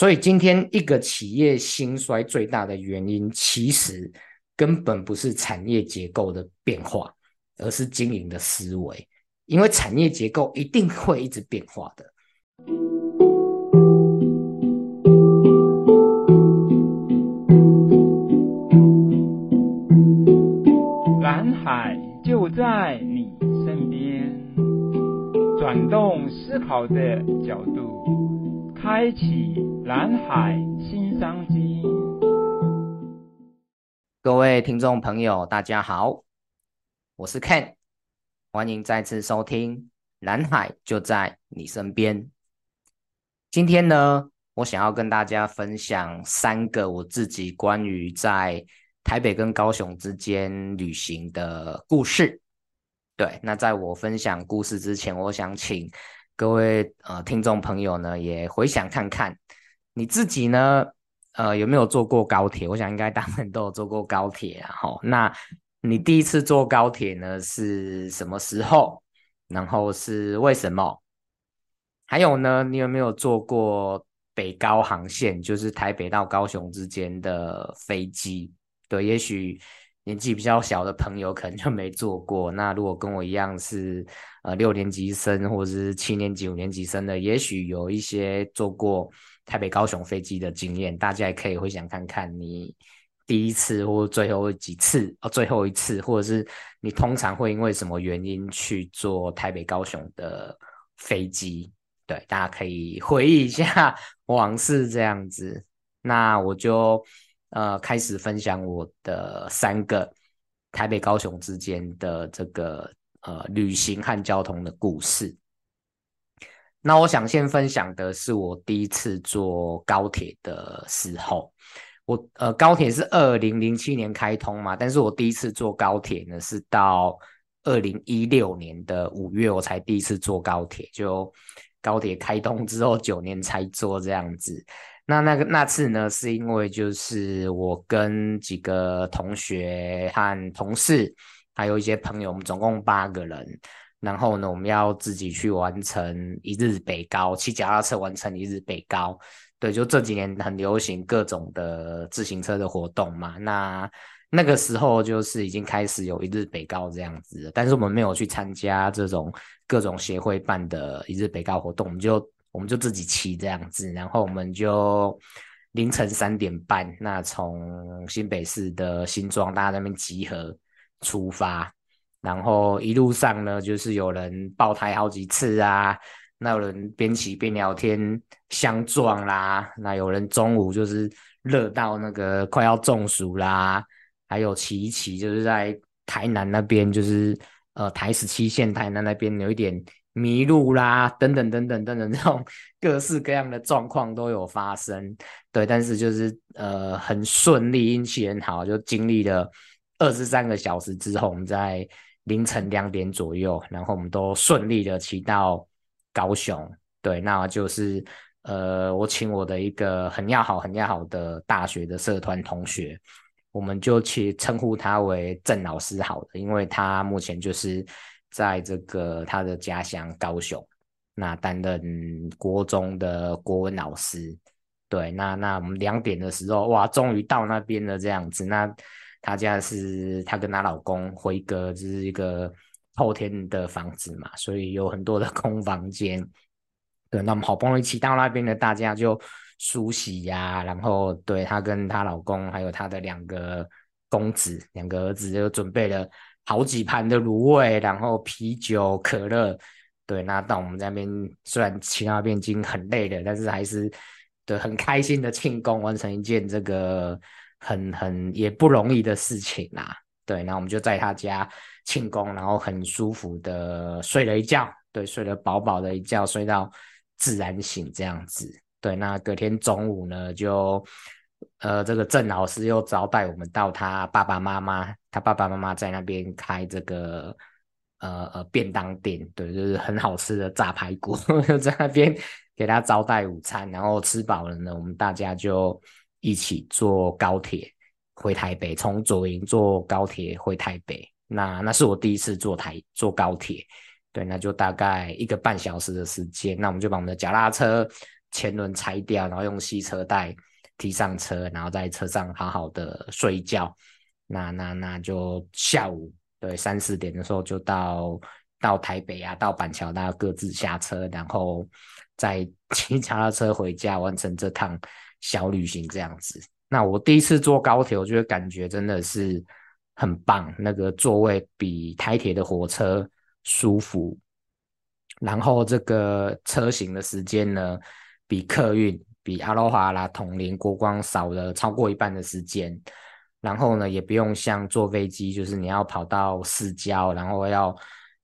所以，今天一個企業興衰最大的原因，其實根本不是產業結構的變化，而是經營的思維。因為產業結構一定會一直變化的。藍海就在你身邊，轉動思考的角度。開啟藍海新商機。各位聽眾朋友，大家好，我是 Ken，歡迎再次收聽《藍海就在你身邊》。今天呢，我想要跟大家分享三個我自己關於在台北跟高雄之間旅行的故事。對，那在我分享故事之前，我想請。各位呃，聽眾朋友呢，也回想看看，你自己呢，呃，有沒有坐過高鐵？我想應該大部分都有坐過高鐵，啊，哈。那你第一次坐高鐵呢是什麼時候？然後是為什麼？還有呢，你有沒有坐過北高航線，就是台北到高雄之間的飛機？對，也許。年紀比較小的朋友可能就沒坐過。那如果跟我一樣是呃六年級生或者是七年級、五年級生的，也許有一些坐過台北、高雄飛機的經驗。大家也可以回想看看，你第一次或最後幾次哦，最後一次，或者是你通常會因為什麼原因去坐台北、高雄的飛機？對，大家可以回憶一下往事這樣子。那我就。呃，開始分享我的三個台北、高雄之間的這個呃旅行、和交通的故事。那我想先分享的是我第一次坐高鐵的時候，我呃高鐵是二零零七年開通嘛，但是我第一次坐高鐵呢是到二零一六年的五月，我才第一次坐高鐵，就高鐵開通之後九年才坐這樣子。那那個那次呢，是因為就是我跟幾個同學和同事，還有一些朋友，我們總共八個人。然後呢，我們要自己去完成一日北高，騎腳踏車完成一日北高。對，就這幾年很流行各種的自行車的活動嘛。那那個時候就是已經開始有一日北高這樣子了，但是我們沒有去參加這種各種協會辦的一日北高活動，我們就。我們就自己騎這樣子，然後我們就凌晨三點半，那從新北市的新莊大家那邊集合出發，然後一路上呢，就是有人爆胎好幾次啊，那有人邊騎邊聊天相撞啦，那有人中午就是熱到那個快要中暑啦，還有騎一騎就是在台南那邊就是呃台十七線台南那邊有一點。迷路啦，等等等等等等，這種各式各樣的狀況都有發生，對，但是就是呃很順利，運氣很好，就經歷了二十三個小時之後，我們在凌晨兩點左右，然後我們都順利的騎到高雄，對，那就是呃我請我的一個很要好很要好的大學的社團同學，我們就去稱呼他為鄭老師好了，因為他目前就是。在這個他的家鄉高雄，那擔任國中的國文老師。對，那那我們兩點的時候，哇，終於到那邊了，這樣子。那他家是他跟他老公輝哥就是一個後天的房子嘛，所以有很多的空房間。對，那我們好不容易騎到那邊的，大家就梳洗呀、啊，然後對他跟他老公還有他的兩個公子、兩個兒子就準備了。好幾盤的滷味，然後啤酒、可樂，對，那到我們這邊雖然去那邊已經很累了，但是還是對很開心的慶功，完成一件這個很很也不容易的事情啦、啊、對，那我們就在他家慶功，然後很舒服的睡了一覺，對，睡了飽飽的一覺，睡到自然醒這樣子，對，那隔天中午呢就。呃，這個鄭老師又招待我們到他爸爸媽媽，他爸爸媽媽在那邊開這個呃呃便當店，對，就是很好吃的炸排骨，又 在那邊給他招待午餐。然後吃飽了呢，我們大家就一起坐高鐵回台北，從左營坐高鐵回台北。那那是我第一次坐台坐高鐵，對，那就大概一個半小時的時間。那我們就把我們的腳踏車前輪拆掉，然後用攜車袋。提上車，然後在車上好好的睡覺。那那那就下午對三四點的時候就到到台北啊，到板橋大家各自下車，然後再騎腳踏車回家，完成這趟小旅行這樣子。那我第一次坐高鐵，我就感覺真的是很棒，那個座位比台鐵的火車舒服，然後這個車行的時間呢，比客運。比阿羅哈啦、統聯、國光少了超過一半的時間，然後呢，也不用像坐飛機，就是你要跑到市郊，然後要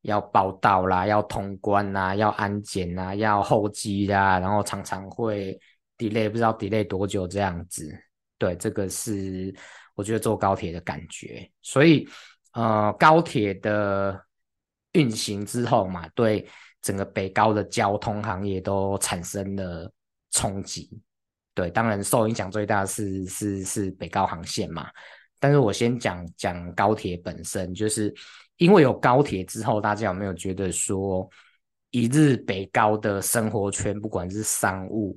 要報到啦，要通關啦，要安檢啦，要候機啦。然後常常會 delay，不知道 delay 多久這樣子。對，這個是我覺得坐高鐵的感覺。所以，呃，高鐵的運行之後嘛，對整個北高的交通行業都產生了。衝擊，對，當然受影響最大的是是是北高航線嘛。但是我先講講高鐵本身，就是因為有高鐵之後，大家有沒有覺得說，一日北高的生活圈，不管是商務，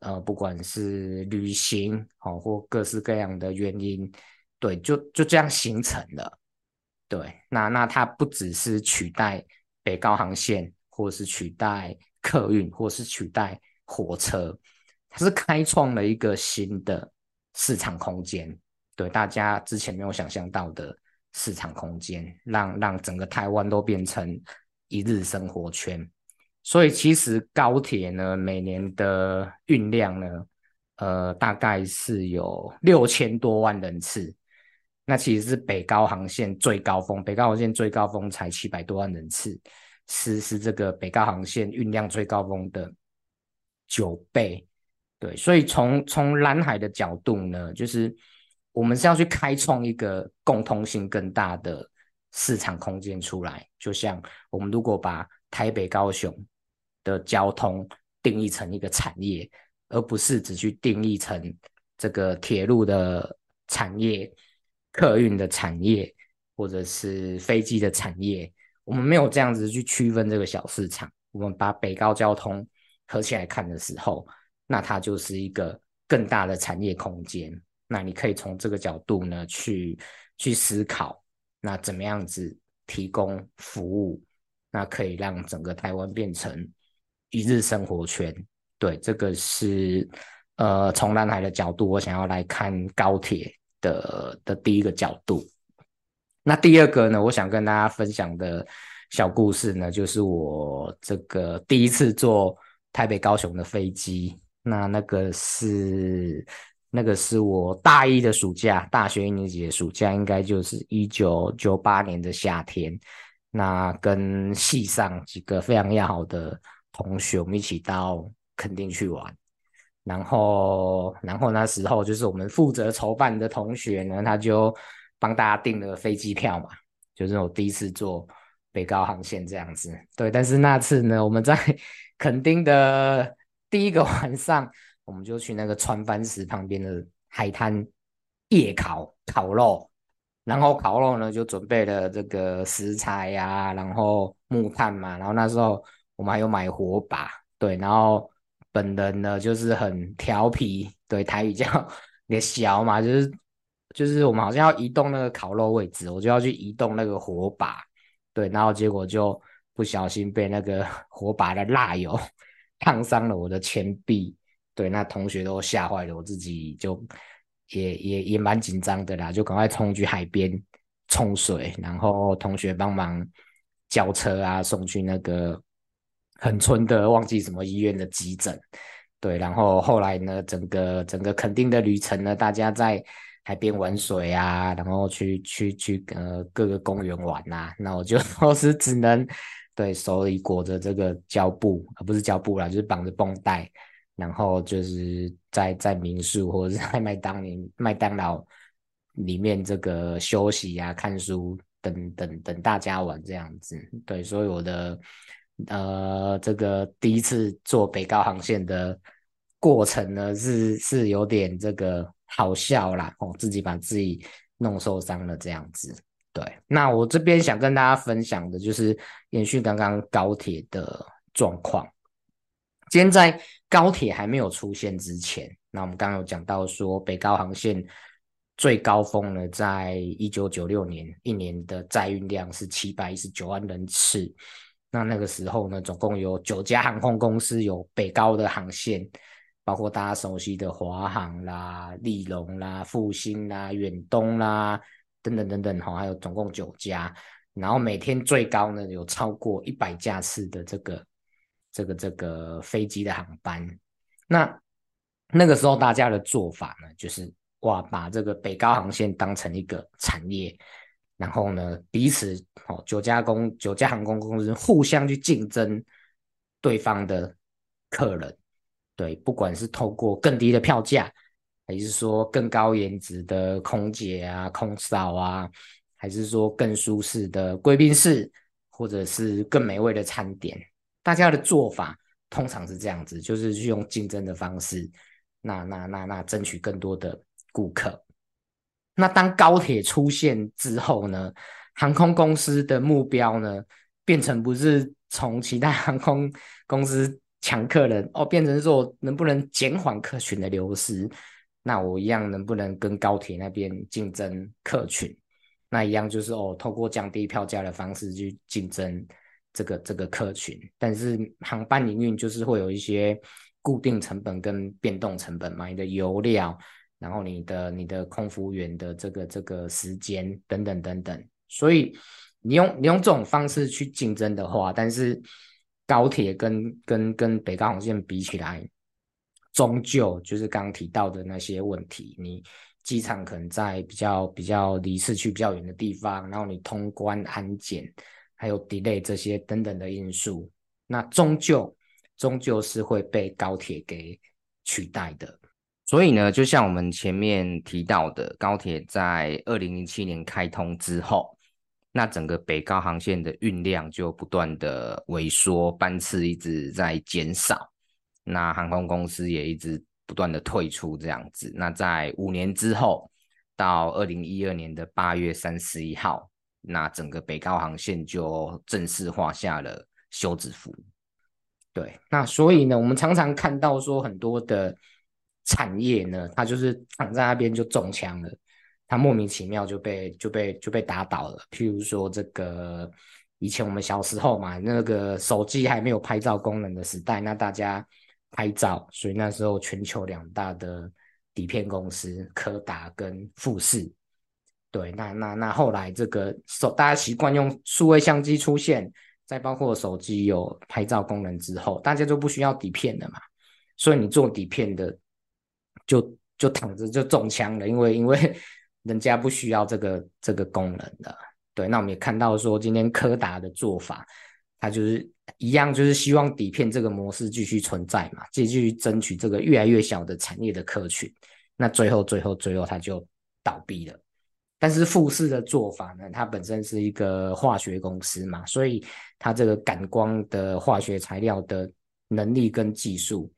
呃，不管是旅行，哦，或各式各樣的原因，對，就就這樣形成了。對，那那它不只是取代北高航線，或是取代客運，或是取代火車它是開創了一個新的市場空間，對，大家之前沒有想象到的市場空間，讓讓整個台灣都變成一日生活圈。所以其實高鐵呢，每年的運量呢，呃，大概是有六千多萬人次。那其實是北高航線最高峰，北高航線最高峰才七百多萬人次，是是這個北高航線運量最高峰的。九倍，對，所以從從藍海的角度呢，就是我們是要去開創一個共通性更大的市場空間出來，就像我們如果把台北高雄的交通定義成一個產業，而不是只去定義成這個鐵路的產業、客運的產業或者是飛機的產業，我們沒有這樣子去區分這個小市場，我們把北高交通。合起來看的時候，那它就是一個更大的產業空間。那你可以從這個角度呢，去去思考，那怎麼樣子提供服務，那可以讓整個台灣變成一日生活圈。對，這個是呃，從藍海的角度，我想要來看高鐵的的第一個角度。那第二個呢，我想跟大家分享的小故事呢，就是我這個第一次做。台北高雄的飛機，那那個是那個是我大一的暑假，大學一年級的暑假，應該就是一九九八年的夏天。那跟系上幾個非常要好的同學，我們一起到墾丁去玩。然後，然後那時候就是我們負責籌辦的同學呢，他就幫大家訂了飛機票嘛，就是我第一次坐北高航線這樣子。對，但是那次呢，我們在肯定的，第一個晚上我們就去那個船帆石旁邊的海灘夜烤烤肉，然後烤肉呢就準備了這個食材呀、啊，然後木炭嘛，然後那時候我們還有買火把，對，然後本人呢就是很調皮，對，台語叫“也小”嘛，就是就是我們好像要移動那個烤肉位置，我就要去移動那個火把，對，然後結果就。不小心被那個火把的蠟油燙傷了我的前臂，對，那同學都嚇壞了，我自己就也也也蠻緊張的啦，就趕快衝去海邊衝水，然後同學幫忙叫車啊，送去那個恆春的忘記什麼醫院的急診，對，然後後來呢，整個整個墾丁的旅程呢，大家在海邊玩水啊，然後去去去呃各個公園玩吶、啊，那我就當時只能。對，手裡裹着這個膠布，不是膠布啦，就是綁着繃帶，然後就是在在民宿或者是在麥當林，麥當勞裡面這個休息啊、看書等等等大家玩這樣子。對，所以我的呃這個第一次坐北高航線的過程呢，是是有點這個好笑啦，哦，自己把自己弄受傷了這樣子。對，那我這邊想跟大家分享的就是延續剛剛高鐵的狀況。今天在高鐵還沒有出現之前，那我們剛剛有講到說，北高航線最高峰呢，在一九九六年一年的載運量是七百一十九萬人次。那那個時候呢，總共有九家航空公司有北高的航線，包括大家熟悉的華航啦、立榮啦、復興啦、遠東啦。等等等等哈，還有總共九家，然後每天最高呢有超過一百架次的這個這個這個飛機的航班。那那個時候大家的做法呢，就是哇，把這個北高航線當成一個產業，然後呢彼此哦九家公，九家航空公司互相去競爭對方的客人，對，不管是透過更低的票價。還是說更高顏值的空姐啊、空嫂啊，還是說更舒適的貴賓室，或者是更美味的餐點？大家的做法通常是這樣子，就是用競爭的方式，那、那、那、那、那爭取更多的顧客。那當高鐵出現之後呢，航空公司的目標呢，變成不是從其他航空公司搶客人哦，變成說能不能減緩客群的流失。那我一樣能不能跟高鐵那邊競爭客群？那一樣就是哦，透過降低票價的方式去競爭這個這個客群。但是航班營運就是會有一些固定成本跟變動成本嘛，你的油料，然後你的你的空服務員的這個這個時間等等等等。所以你用你用這種方式去競爭的話，但是高鐵跟跟跟北高航線比起來。終究就是剛剛提到的那些問題，你機場可能在比較比較離市區比較遠的地方，然後你通關安檢還有 delay 這些等等的因素，那終究終究是會被高鐵給取代的。所以呢，就像我們前面提到的，高鐵在二零零七年開通之後，那整個北高航線的運量就不斷的萎縮，班次一直在減少。那航空公司也一直不斷的退出這樣子。那在五年之後，到二零一二年的八月三十一號，那整個北高航線就正式畫下了休止符。對，那所以呢，我們常常看到說很多的產業呢，它就是躺在那邊就中槍了，它莫名其妙就被就被就被，就被打倒了。譬如說，這個以前我們小時候嘛，那個手機還沒有拍照功能的時代，那大家。拍照，所以那時候全球兩大的底片公司柯達跟富士，對，那那那後來這個手大家習慣用數位相機出現，再包括手機有拍照功能之後，大家就不需要底片了嘛，所以你做底片的就就躺着就中槍了，因為因為人家不需要這個這個功能了。對，那我們也看到說今天柯達的做法。他就是一樣，就是希望底片這個模式繼續存在嘛，繼續爭取這個越來越小的產業的客群，那最後最後最後他就倒閉了。但是富士的做法呢，它本身是一個化學公司嘛，所以它這個感光的化學材料的能力跟技術，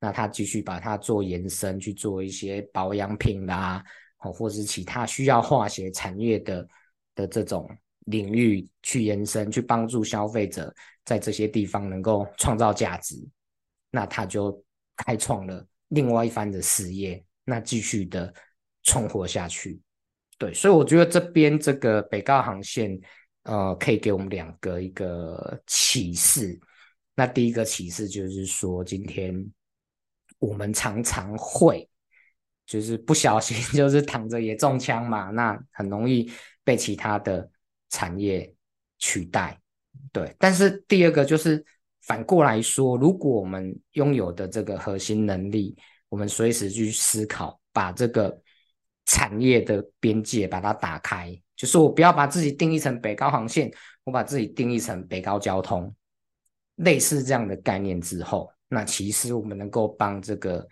那它繼續把它做延伸，去做一些保養品啦，哦，或是其他需要化學產業的的這種。領域去延伸，去幫助消費者在這些地方能夠創造價值，那他就開創了另外一番的事業，那繼續的存活下去。對，所以我覺得這邊這個北高航線，呃，可以給我們兩個一個啟示。那第一個啟示就是說，今天我們常常會就是不小心，就是躺着也中槍嘛，那很容易被其他的。產業取代，對。但是第二個就是反過來說，如果我們擁有的這個核心能力，我們隨時去思考把這個產業的邊界把它打開，就是我不要把自己定義成北高航線，我把自己定義成北高交通，類似這樣的概念之後，那其實我們能夠幫這個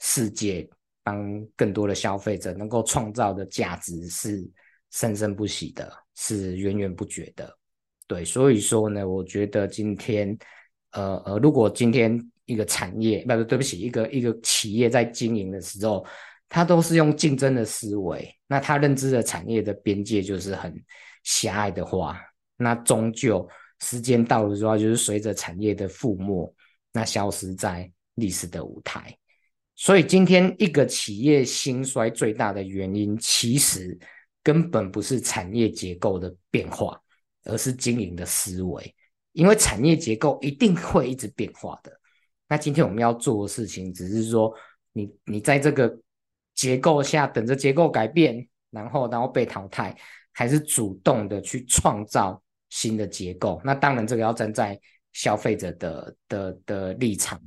世界、幫更多的消費者能夠創造的價值是生生不息的。是源源不絕的，對，所以說呢，我覺得今天，呃呃，如果今天一個產業，不，對不起，一個一個企業在經營的時候，他都是用競爭的思維，那他認知的產業的邊界就是很狹隘的話，那終究時間到了之後，就是隨着產業的覆沒，那消失在歷史的舞台。所以今天一個企業興衰最大的原因，其實。根本不是產業結構的變化，而是經營的思維。因為產業結構一定會一直變化的。那今天我們要做的事情，只是說，你你在這個結構下等着結構改變，然後然後被淘汰，還是主動的去創造新的結構？那當然，這個要站在消費者的的的立場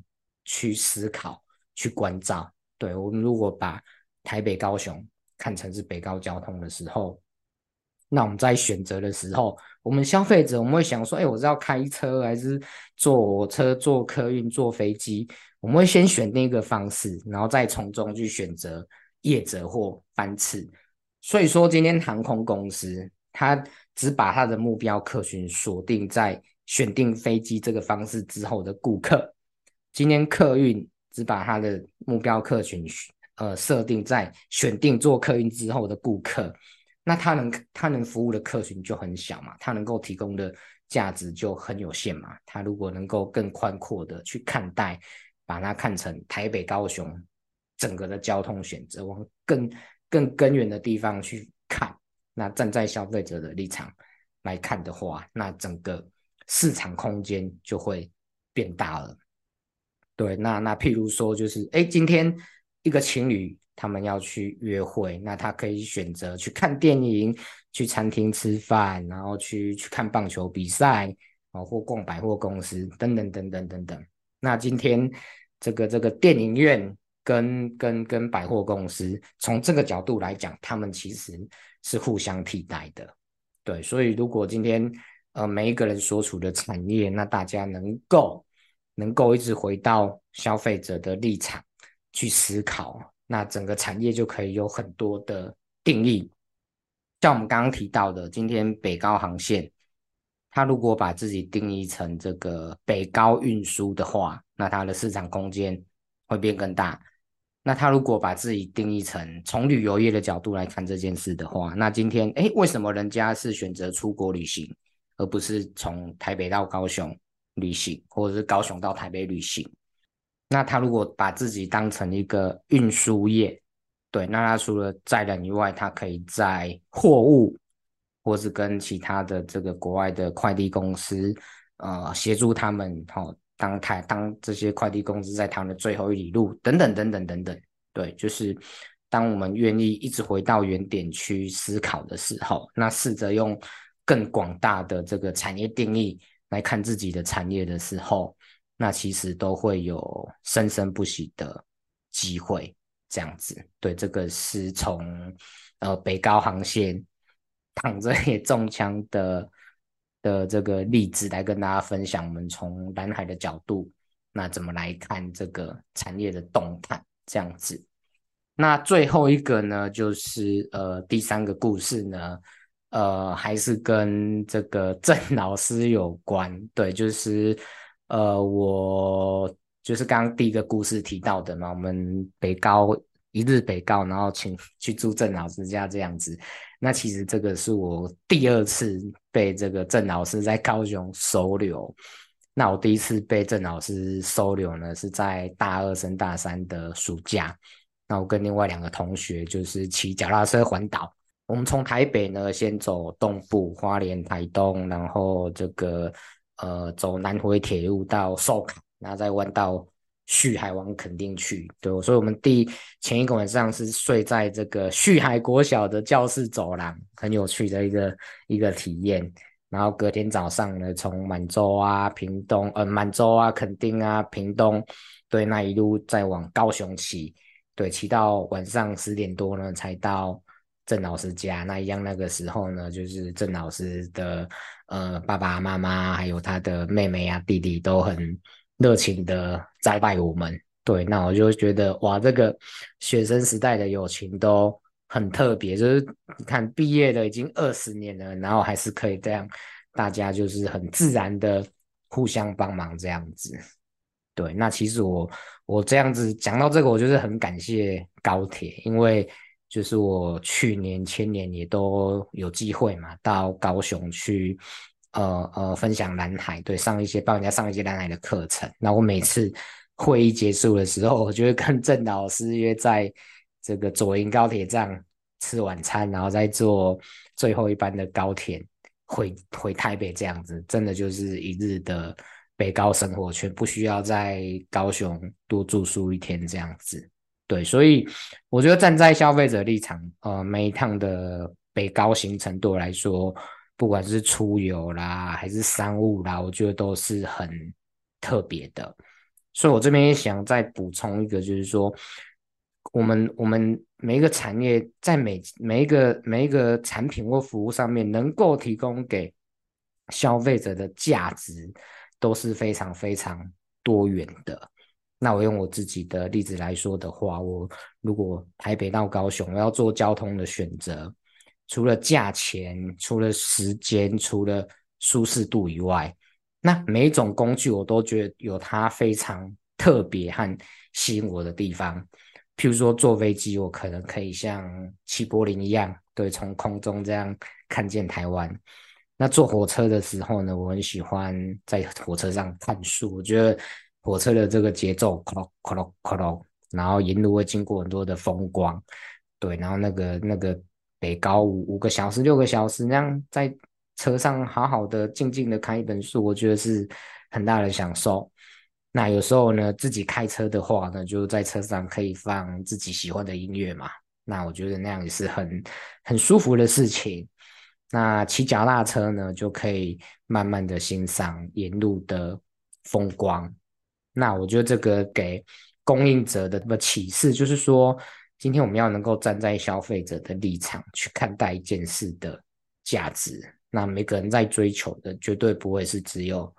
去思考、去關照。對，我們如果把台北高雄，看成是北高交通的時候，那我們在選擇的時候，我們消費者我們會想說，哎，我是要開車還是坐車、坐客運、坐飛機？我們會先選定一個方式，然後再從中去選擇業者或班次。所以說，今天航空公司他只把他的目標客群鎖定在選定飛機這個方式之後的顧客。今天客運只把他的目標客群，呃，設定在選定做客運之後的顧客，那他能他能服務的客群就很小嘛，他能夠提供的價值就很有限嘛。他如果能夠更寬闊的去看待，把它看成台北高雄整個的交通選擇，往更更根源的地方去看，那站在消費者的立場來看的話，那整個市場空間就會變大了。對，那那譬如說就是，哎、欸，今天。一個情侶，他們要去約會，那他可以選擇去看電影、去餐廳吃飯，然後去去看棒球比賽，哦，或逛百貨公司，等等等等等等。那今天這個這個電影院跟跟跟百貨公司，從這個角度來講，他們其實是互相替代的。對，所以如果今天呃每一個人所處的產業，那大家能夠能夠一直回到消費者的立場。去思考，那整個產業就可以有很多的定義。像我們剛剛提到的，今天北高航線，它如果把自己定義成這個北高運輸的話，那它的市場空間會變更大。那它如果把自己定義成從旅遊業的角度來看這件事的話，那今天，哎，為什麼人家是選擇出國旅行，而不是從台北到高雄旅行，或者是高雄到台北旅行？那他如果把自己當成一個運輸業，對，那他除了載人以外，他可以載貨物，或是跟其他的這個國外的快遞公司，呃，協助他們，好、哦，當他當這些快遞公司在他們的最後一里路，等等等等等等，對，就是當我們願意一直回到原點去思考的時候，那試着用更廣大的這個產業定義來看自己的產業的時候。那其實都會有生生不息的機會，這樣子。對，這個是從呃北高航線躺着也中槍的的這個例子來跟大家分享。我們從藍海的角度，那怎麼來看這個產業的動態？這樣子。那最後一個呢，就是呃第三個故事呢，呃還是跟這個鄭老師有關。對，就是。呃，我就是剛剛第一個故事提到的嘛，我們北高一日北高，然後請去住鄭老師家這樣子。那其實這個是我第二次被這個鄭老師在高雄收留。那我第一次被鄭老師收留呢，是在大二升大三的暑假。那我跟另外兩個同學就是騎腳踏車環島，我們從台北呢先走東部，花蓮、台東，然後這個。呃，走南回鐵路到壽卡,然後那再彎到旭海往墾丁去，對、哦，所以我們第一前一個晚上是睡在這個旭海國小的教室走廊，很有趣的一個一個體驗。然後隔天早上呢，從滿州啊、屏東，呃，滿州啊、墾丁啊、屏東，對，那一路再往高雄騎，對，騎到晚上十點多呢才到鄭老師家。那一樣那個時候呢，就是鄭老師的。呃，爸爸、啊、媽媽還有他的妹妹呀、啊、弟弟都很熱情的招待我們。對，那我就覺得哇，這個學生時代的友情都很特別。就是你看，畢業了已經二十年了，然後還是可以這樣，大家就是很自然的互相幫忙這樣子。對，那其實我我這樣子講到這個，我就是很感謝高鐵，因為。就是我去年、前年也都有機會嘛，到高雄去，呃、呃，分享藍海，對，上一些幫人家上一些藍海的課程。那我每次會議結束的時候，我就會跟鄭老師約在這個左營高鐵站吃晚餐，然後再坐最後一班的高鐵回回台北，這樣子真的就是一日的北高生活圈，不需要在高雄多住宿一天這樣子。對，所以我覺得站在消費者立場，呃，每一趟的北高行程度來說，不管是出遊啦，還是商務啦，我覺得都是很特別的。所以我這邊也想再補充一個，就是說，我們我們每一個產業在每每一個每一個產品或服務上面能夠提供給消費者的價值都是非常非常多元的。那我用我自己的例子來說的話，我如果台北到高雄，我要做交通的選擇，除了價錢、除了時間、除了舒適度以外，那每一種工具我都覺得有它非常特別和吸引我的地方。譬如說坐飛機，我可能可以像齊柏林一樣，對，從空中這樣看見台灣。那坐火車的時候呢，我很喜歡在火車上看書，我覺得。火車的這個節奏，然後沿路會經過很多的風光，對，然後那個那個北高五五個小時六個小時那樣在車上好好的靜靜的看一本書，我覺得是很大的享受。那有時候呢自己開車的話呢，就在車上可以放自己喜歡的音樂嘛，那我覺得那樣也是很很舒服的事情。那騎腳踏車呢，就可以慢慢的欣賞沿路的風光。那我覺得這個給供應者的這個啟示，就是說，今天我們要能夠站在消費者的立場去看待一件事的價值。那每個人在追求的絕對不會是只有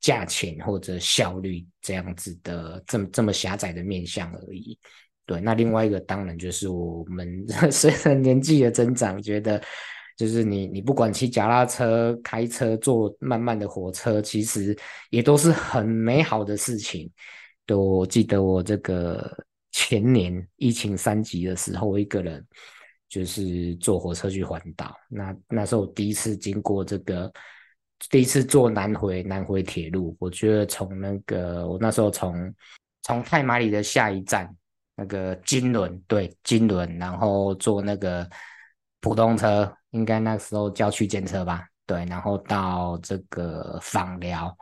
價錢或者效率這樣子的這麼這麼狹窄的面向而已。對，那另外一個當然就是我們隨着年紀的增長，覺得。就是你，你不管騎腳踏車、開車、坐慢慢的火車，其實也都是很美好的事情。我記得我這個前年疫情三級的時候，我一個人就是坐火車去環島。那那時候我第一次經過這個，第一次坐南回南回鐵路。我覺得從那個我那時候從從太麻里的下一站那個金輪對金輪，然後坐那個。普通車應該那時候叫區間車吧，對，然後到這個枋寮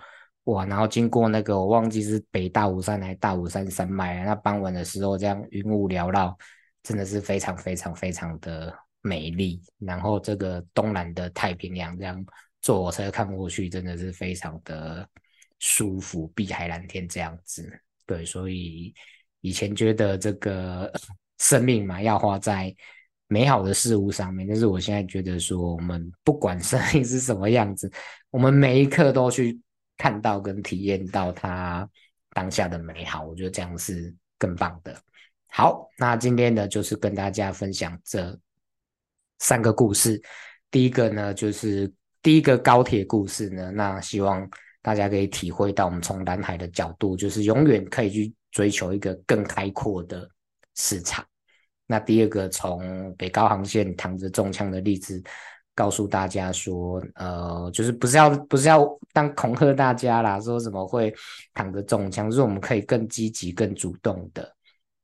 哇，然後經過那個我忘記是北大武山還是大武山山脈，那傍晚的時候這樣雲霧繚繞，真的是非常非常非常的美麗。然後這個東南的太平洋這樣坐火車看過去，真的是非常的舒服，碧海藍天這樣子，對，所以以前覺得這個、呃、生命嘛要花在。美好的事物上面，但是我現在覺得說，我們不管生命是什麼樣子，我們每一刻都去看到跟體驗到它當下的美好，我覺得這樣是更棒的。好，那今天呢，就是跟大家分享這三個故事。第一個呢，就是第一個高鐵故事呢，那希望大家可以體會到，我們從藍海的角度，就是永遠可以去追求一個更開闊的市場。那第二個從北高航線躺着中槍的例子，告訴大家說，呃，就是不是要不是要當恐嚇大家啦，說怎麼會躺着中槍，就是我們可以更積極、更主動的，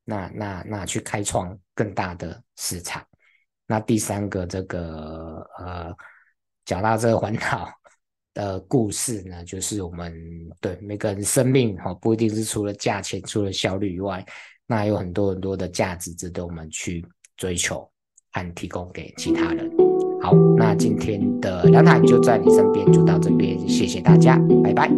那那那去開創更大的市場。那第三個這個呃，講到這個環保的故事呢，就是我們對每個人生命哈，不一定是除了價錢、除了效率以外。那有很多很多的價值值得我們去追求和提供給其他人。好，那今天的藍海就在你身邊，就到這邊，謝謝大家，拜拜。